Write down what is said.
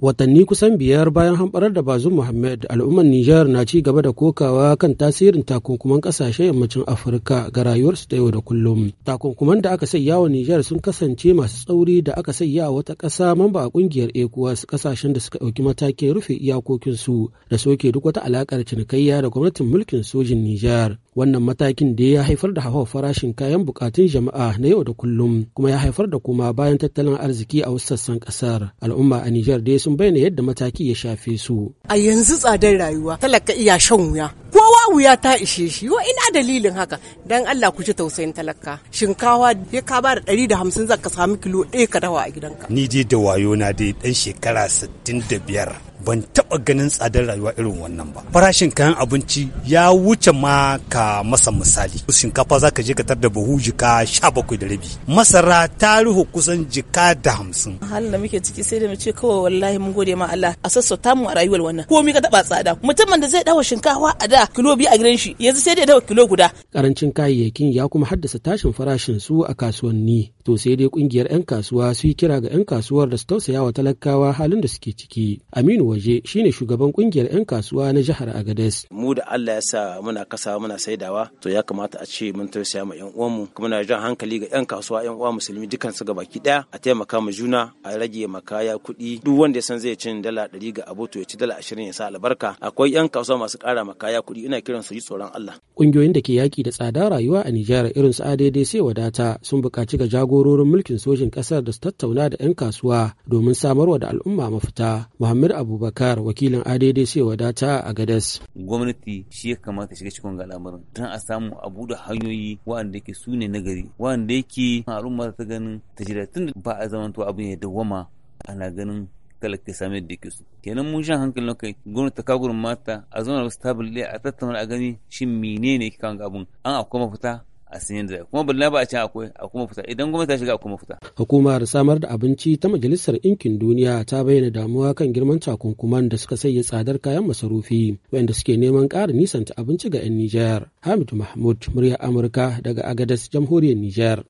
watanni kusan biyar bayan hamɓarar da bazum muhammad al'ummar nijar na ci gaba da kokawa kan tasirin takunkuman ƙasashen yammacin afirka ga rayuwarsu ta yau da kullum takunkuman da aka sanya wa nijar sun kasance masu tsauri da aka sanya a wata ƙasa mamba a ƙungiyar ecowas ƙasashen da suka ɗauki matakin rufe iyakokinsu da soke duk wata alaƙar cinikayya da gwamnatin mulkin sojin nijar wannan matakin da ya haifar da hawa farashin kayan bukatun jama'a na yau da kullum kuma ya haifar da kuma bayan tattalin arziki a wasu sassan kasar al'umma a Nijar dai sun bayyana yadda mataki ya shafe su a yanzu tsadar rayuwa talaka iya shan wuya ko kowa wuya ta ishe shi yo ina dalilin haka dan Allah ku ji tausayin talaka shinkawa ya ka ba da 150 zaka samu kilo ɗaya ka dawa a gidanka ni dai da wayo na dai dan shekara 65 ban taba ganin tsadar rayuwa irin wannan ba farashin kayan abinci ya wuce ma ka masa misali shinkafa za ka je ka tar da buhu jika sha bakwai da rabi masara ta ruhu kusan jika da hamsin halin da muke ciki sai da mu ce kawai wallahi mun gode ma Allah a sassauta mu a rayuwar wannan ko mi ka taba tsada mutumin da zai dawo shinkafa a da kilo kilo a gidan shi yanzu sai dai da kilo guda. Karancin kayayyakin ya kuma haddasa tashin farashin su a kasuwanni to sai dai kungiyar 'yan kasuwa su yi kira ga 'yan kasuwar da su tausaya wa talakawa halin da suke ciki. Aminu Waje shine shugaban kungiyar 'yan kasuwa na jihar Agadez. Mu da Allah ya sa muna kasa muna saidawa to ya kamata a ce mun tausaya ma 'yan uwanmu kuma na jan hankali ga 'yan kasuwa 'yan uwa musulmi dukkan su gabaki daya a taimaka ma juna a rage ma kuɗi duk wanda ya san zai cin dala ɗari ga abu to ya ci dala ashirin ya sa albarka akwai 'yan kasuwa masu ƙara ma kaya kuɗi ina kiran su yi tsoron Allah. Ƙungiyoyin da ke yaƙi da tsada rayuwa a Nijar irin su ADD sai wadata sun buƙaci ga jagororin mulkin sojin ƙasar da su tattauna da 'yan kasuwa domin samarwa da al'umma mafita. Muhammad Abubakar wakilin ADD sai wadata a Gadas. Gwamnati shi ya kamata shiga cikin al'amarin don a samu a buɗe hanyoyi waɗanda yake su ne nagari waɗanda yake al'umma ta ganin ta jira tun ba a zamanto abin ya dawwama ana ganin talaka same da ke su kenan mun shan na kai gwamnati ta kagurin mata a zauna wasu tabulai a tattauna a gani shin mine ne kan abun an akwai mafita a sinin da kuma balla ba a can akwai a kuma idan gwamnati ta shiga a kuma fita. Hukumar samar da abinci ta Majalisar Ɗinkin Duniya ta bayyana damuwa kan girman takunkuman da suka sanya tsadar kayan masarufi waɗanda suke neman ƙara nisanta abinci ga 'yan Nijar. Hamid Mahmud, murya Amurka daga agadas Jamhuriyar Nijar.